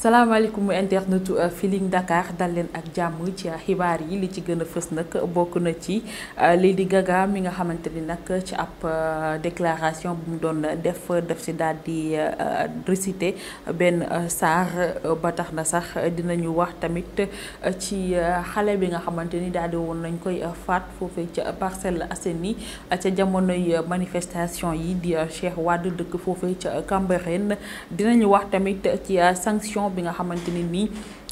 salaamaaleykum internetu euh, Feeling Dakar dal leen ak jàmm ci xibaar yi li ci gën a fës nag bokk na ci euh, di Gaga mi nga xamante ni nag ci ab euh, déclaration bu mu doon def def si daal di réciter benn saar ba tax na sax dina ñu wax tamit ci xale bi nga xamante ni daal di woon nañ koy faat ci parcelle Parcelles Assainies ca jamonoy manifestation yi di Cheikh Wade dëkk foofee ca Cambérène dinañu wax tamit ci sanction. bi nga xamante ne nii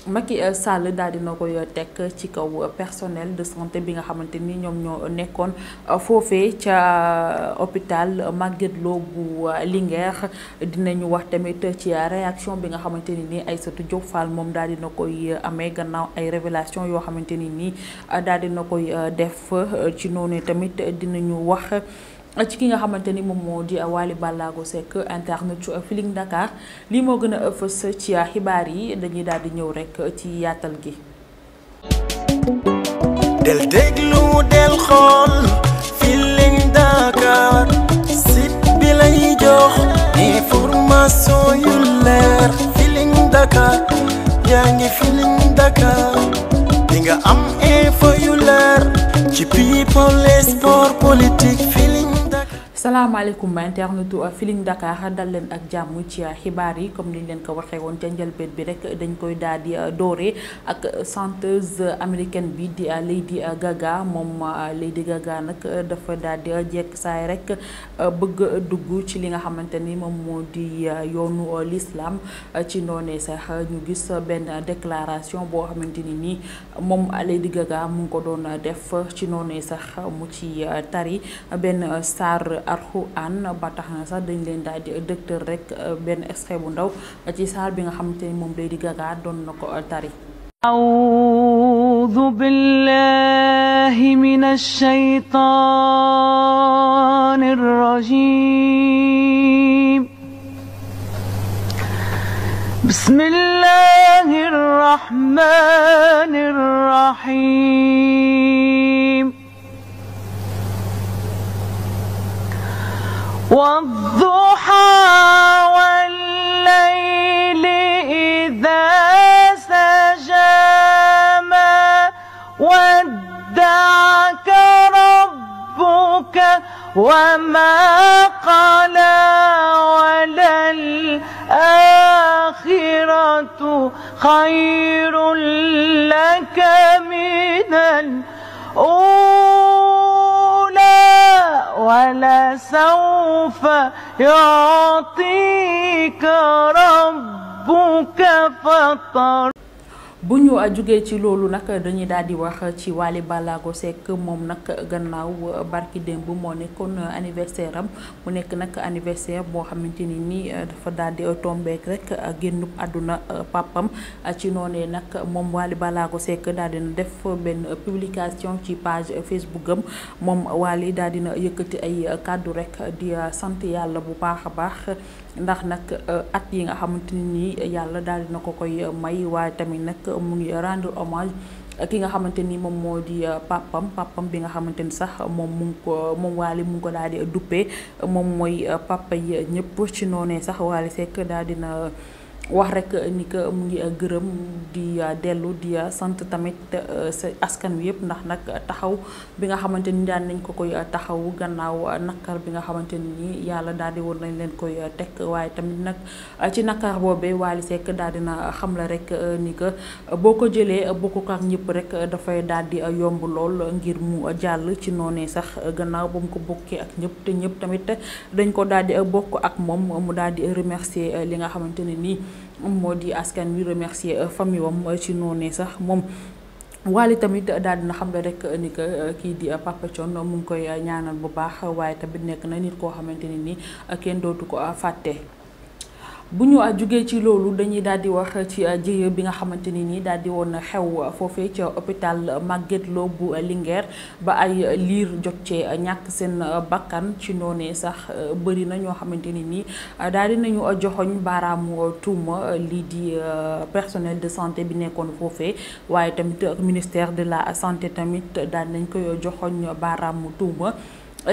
Macky Sall daal dina koy teg ci kaw personnel de santé bi nga xamante ni ñoom ñoo nekkoon foofee ca hôpital Magatte loo bu Linguère dinañu wax tamit ci réaction bi nga xamante ni nii ay Diop Fall moom daal dina koy amee gannaaw ay révélation yoo xamante ni nii daal dina koy def ci noonu tamit dina ñu wax ci ki nga xamante ni moom moo di Waly Ballago Seck internet ci Feeling Dakar lii moo gën a fës ci xibaar yi dañuy daal di ñëw rekk ci yaatal gi. del déglu del xool Feeling Dakar yaa ngi Feeling Dakar di nga am info yu leer ci people sport politique Feeling. salaamaaleykum ma internetu Feeling Dakar dal leen ak jàmm ci xibaar yi comme ni ñu leen ko waxee woon ca njëlbeen bi rek dañ koy daal euh, doore ak chanteuse américaine bi di euh, Lady Gaga moom euh, Lady Gaga nag dafa daal di jekk saay rek bëgg dugg ci li nga xamante ni moom moo di yoonu lislaam ci noonee sax ñu gis benn déclaration boo xamante ni nii moom Lady Gaga mu ngi ko doon def ci noonee sax mu ci tari benn saar. alxuraan ba tax na sax dañ leen daal di rek euh, benn extrait bu ndaw ci saar bi nga xam ni moom Lady Gaga doon na ko euh, tari أعوذ بالله من والضحى والليل إذا سجى ما ودعك ربك وما قلى وللآخرة خير لك من الأولى ولسوف يعطيك ربك فطر bu ñu jógee ci loolu nag dañuy daal di wax ci Wally Ballago Seck moom nag gannaaw barki démb moo nekkoon anniversaire am mu nekk nag anniversaire boo xamante ni nii dafa daal di tombeek rek génnub àdduna papam ci noonee nag moom Wally Ballago Seck daal dina def benn publication ci page Facebook am moom Wally daal dina yëkkati ay kàddu rek di sant yàlla bu baax a baax ndax nag euh, at yi nga xamante ni yàlla daal dina ko koy euh, may waaye tamit nag mu ngi rendre hommage ki nga xamante ni moom moo di euh, papam papam bi nga xamante ni sax moom mu ko moom Wally mu ko daal di duppee moom mooy papa yi ñëpp ci noonee sax Wally Seck daal dina wax rek ni que mu ngi euh, gërëm di euh, dellu di euh, sant tamit sa askan wi yëpp ndax nag taxaw bi nga xamante ni daan nañ ko koy taxaw gannaaw nakar bi nga xamante ni yàlla daal di woon nañ leen koy teg waaye tamit nag ci nakar boobe Wally Seck daal di na xam la rek ni que boo ko jëlee bokk ak ñëpp rek dafay daal di yomb lool ngir mu jàll ci noonee sax gannaaw ba mu ko bokkee ak ñëpp te ñëpp tamit dañ ko daal di bokk ak moom mu daal di remercier li nga xamante ne nii. moo di askan wi remercier euh, famille wam euh, ci noonee sax moom waale tamit daal dina xam ne rek euh, ni que kii di Papa Thione mu ngi koy ñaanal bu baax waaye tamit nekk na nit koo xamante ne ni kenn dootu ko fàtte. bu ñu ah, jógee ci loolu dañuy daal di wax ci ah, jëye bi nga xamante ni nii daal di woon xew foofe ca hôpital Magatte Lô bu Linguère ba ay liir jot ci ñàkk seen bakkan ci noonee sax ah, bëri na ñoo xamante ni nii daal di nañu joxoñ baaraamu tuuma lii di personnel de santé bi nekkoon foofee waaye tamit ministère de la santé tamit daal nañ koy joxoñ baaraamu tuuma.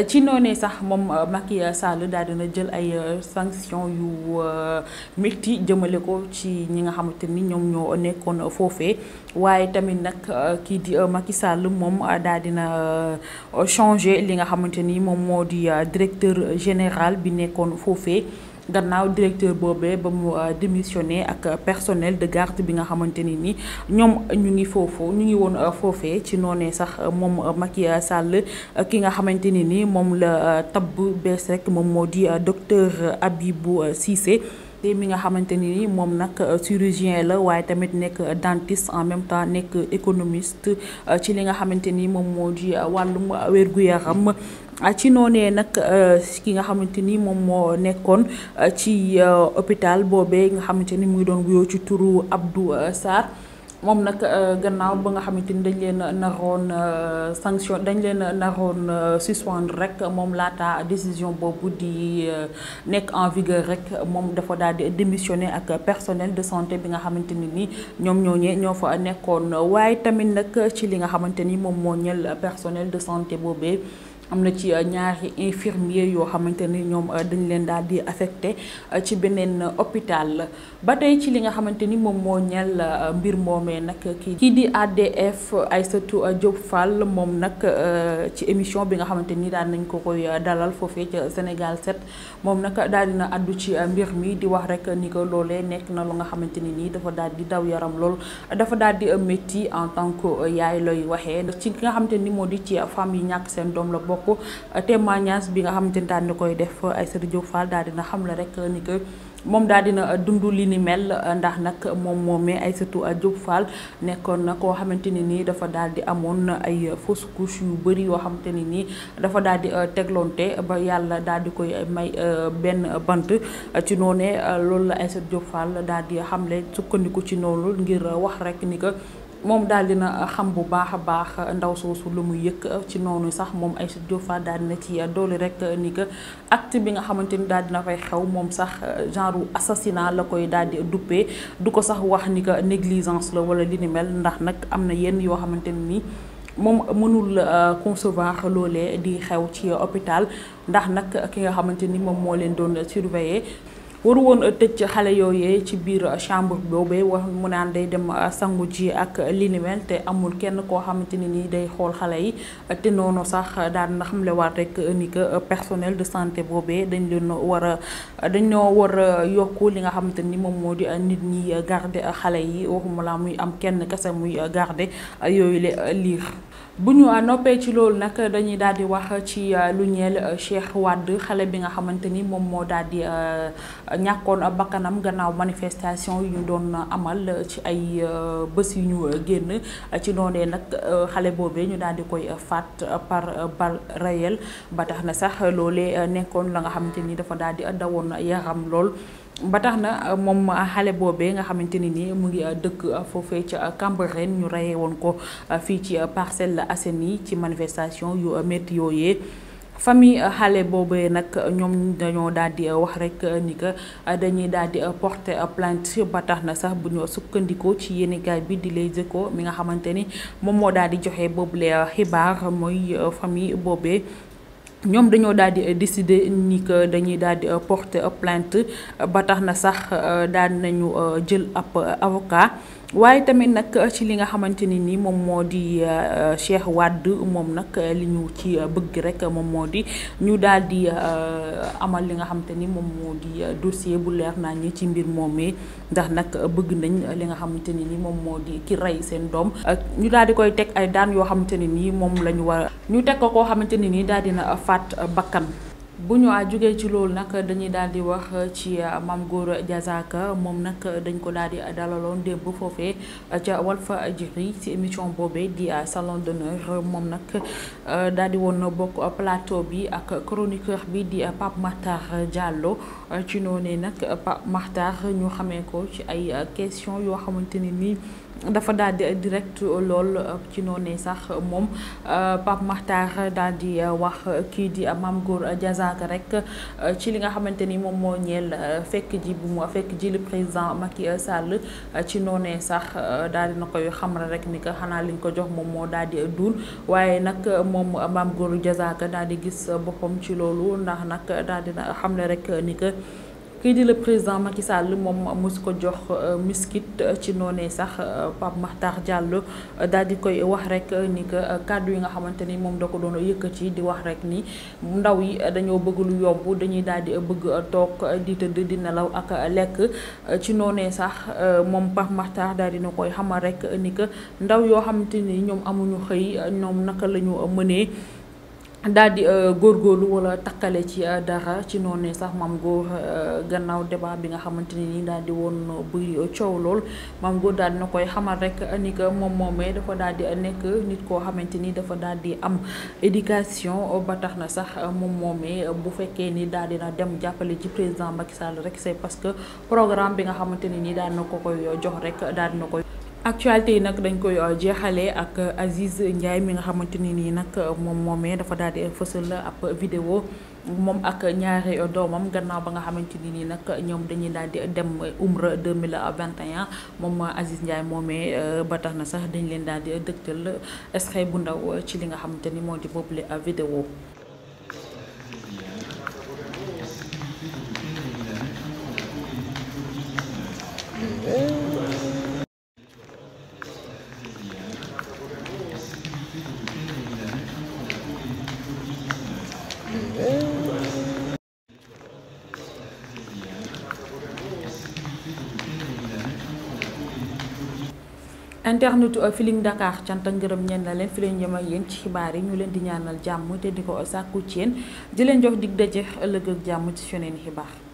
ci noonee sax moom euh, Macky Sall daal dina jël ay euh, sanctions yu euh, métti jëmale ko ci ñi nga xamante ni ñoom ñoo nekkoon foofee waaye tamit nag kii di Macky Sall moom daal dina changer li nga xamante ni moom moo di directeur général bi nekkoon foofee. gannaaw directeur boobee ba mu euh, démissionné ak personnel de garde bi nga xamante ni ni ñoom ñu ngi foofu ñu ngi woon euh, foofee ci noonee sax moom Macky Sall euh, ki nga xamante ni nii moom la tabb bees rek moom moo di docteur bu Cissé mi nga xamante ni ni moom nag euh, chirurgien la waaye tamit nekk dentiste en même temps nekk économiste euh, ci li nga xamante ni moom moo ji euh, wàllum wér-gu-yaram ci noone nag ki nga xamante ni moom moo nekkoon ci hôpital boobee nga xamante ni mu ngi doon wuyoo ci turu Abdou Sarr moom nag euh, gannaaw ba nga xamante ni dañ leen naroon euh, sanction dañ leen naroon euh, suspendre rek moom laata décision boobu di nekk en vigueur rek moom dafa daal di démissionner ak personnel de santé bi nga xamante ni ni ñoom ñooñee ñoo fa nekkoon waaye tamit nag ci li nga xamante ni moom moo ñel personnel de santé boobee am na ci euh, ñaari infirmier yoo xamante ni ñoom euh, dañ leen daal di affecté euh, ci beneen hôpital ba tey ci li nga xamante ni moom moo ñel mbir moomee nag kii kii di ADF Aïssatou Diop Fall moom nag ci émission bi nga xamante ni daan nañ ko koy dalal foofee ca Sénégal 7 moom nag daal dina addu ci mbir mi di wax rek ni ko loolee nekk na lu nga xamante ni nii dafa daal di daw yaram lool dafa daal di métti en tant que yaay looy waxee ci ki nga xamante ni moo di ci femme yi ñàkk seen doom la bokk bokk témoignage bi nga xamante ni daan na koy def ay Diop Fall daal dina xam la rek ni que moom daal dina dundu li ni mel ndax nag moom moomee Aïssatou Diop Fall nekkoon na koo xamante ne nii dafa daal di amoon ay fausse couche yu bëri yoo xamante ne nii dafa daal di euh, teglonte ba yàlla daal di koy may euh, benn bant ci noonee euh, loolu la Aïssatou Diop Fall daal di xamle sukkandiku ci noonu ngir wax rek ni que. moom daal dina xam bu baax a baax ndaw soosu lu muy yëkk ci noonu sax moom Aïssatou Diop Fall daal dina ci doole rek ni que acte bi nga xamante ni daal dina fay xew moom sax genre assassinat la koy daal di duppee du ko sax wax ni que néglisance la wala li ni ndax nag am na yenn yoo xamante ni. moom mënul euh, concevoir loole di xew ci hôpital ndax nag ki nga xamante ni moom moo leen doon surveiller waru woon tëj xale yooyee ci biir chambre boobee wax mu naan day dem euh, sangu ji ak li te amul kenn koo xamante ni nii day xool xale yi te noonu sax daan na xamlewaat rek ni que euh, personnel de santé boobee dañ leen war dañ loo war a yokk li nga xamante ni moom moo di nit ñi garder xale yi waxuma muy am kenn kese muy garde yooyu le liir bu ñu euh, noppee ci loolu nag dañuy daal di wax ci euh, lu ñeel euh, Cheikh wadd xale bi nga xamante ni moom moo daal di ñàkkoon bakkanam gannaaw manifestation yu ñu doon amal ci ay bés yu ñu génn ci noonee nag xale boobee ñu daal di koy faat par balle reyel ba tax na sax loolee nekkoon la nga xamante ni dafa daal di dawoon yaram lool. ba tax na euh, moom euh, xale boobee nga xamante ni nii mu ngi euh, dëkk foofee ca Cambérène ñu reyee woon ko fii ci parcelle Parcelles Assainies ci manifestation yu métti yooyee famille xale boobee nag ñoom dañoo daal di wax rek ni que dañuy daal di porter plainte ba tax na sax bu ñu sukkandikoo ci yéenekaay bi di lay jëkkoo mi nga xamante ni moom moo daal di joxe boobule xibaar mooy famille boobee. ñoom dañoo daal di euh, décider ni dañuy daal di euh, porter plainte ba tax na sax euh, daal nañu jël ab avocat waaye tamit nag euh, ci li nga xamante ni nii moom moo di euh, euh, Cheikh Wade moom nag li ñu ci bëgg rek moom moo di ñu daal di amal li nga xamante ni moom moo di dossier bu leer naa ñi ci mbir moomee ndax nag bëgg nañ li nga xamante ni nii moom moo di ki rey seen doom ñu daal di koy teg ay daan yoo xamante ni nii moom la ñu war ñu teg ko koo xamante ni nii daal na fàtt bakkan bu ñu jógee ci loolu nag dañuy daal di wax euh, ci euh, Mame góor Diazaka euh, moom nag dañ ko daal di dalaloon démb foofee ca Walfadjri ci émission boobee di salon d'honneur moom nag daal di woon bokk plateau bi ak chroniqueur bi di Pape Makhtar Diallo ci noonee nag Pape Makhtar ñu xamee ko ci ay question yoo xamante ne nii. dafa daal di direct lool ci noonu sax moom euh, Pape Makhtar daal di wax kii di Mame Gor Diazaka rek euh, ci li nga xamante ni moom moo ñeel euh, fekk ji bu mu fekk ji li président Macky sàll ci noonu sax daal di na koy xamra rek ni ko xanaa liñ ko jox moom moo daal di duul waaye nag moom Mame Gor Diazaka daal di gis boppam ci loolu ndax nag daal di na xamle rek ni que. kii di la président Macky Sall moom mosu ko jox euh, miskit euh, ci noonee sax euh, Pape Makhtar Diallo daal di koy wax rek ni que kàddu yi nga xamante ni moom da ko doon yëkkati di wax rek ni ndaw yi dañoo bëgg lu yomb dañuy daal di bëgg toog di tëdd di nelaw ak lekk ci noonee sax moom Pape Makhtar daal dina koy xamal rek ni que ndaw yoo xamante ni ñoom amuñu xëy ñoom naka lañu ñu mënee. daal di euh, góorgóorlu wala takkale ci euh, dara ci noonu sax maam góor euh, gannaaw débat bi nga xamante ne nii daal di woon buy coow lool maam góor daal dina koy xamal rek ni que moom moomee dafa daal di nekk nit koo xamante ni dafa daal di am éducation ba tax na sax moom moomee bu fekkee ni dal dina dem jàppale ci président Macky Sall rek c'est parce que programme bi nga xamante ne nii daal dina ko koy jox rek daal dina koy. actualité yi nag dañ koy euh, jeexalee ak euh, Aziz Ndiaye mi nga xamante ni nii nag euh, moom moomee dafa daal di fësal ak vidéo moom ak ñaari doomam gannaaw ba nga xamante ni nii nag ñoom dañuy daal di dem umra 2021 moom Aziz Ndiaye moomee ba tax na sax dañ leen daal di dëgtal extrait bu ndaw ci li nga xamante ni moo di boobule vidéo internetu Feeling Dakar cant ak ngërëm ñeen na leen fi leen yem ak yéen ci xibaar yi ñu leen di ñaanal jàmm te di ko sàkku ci yéen di leen jox dig daje ëllëg ak jàmm ci yeneen xibaar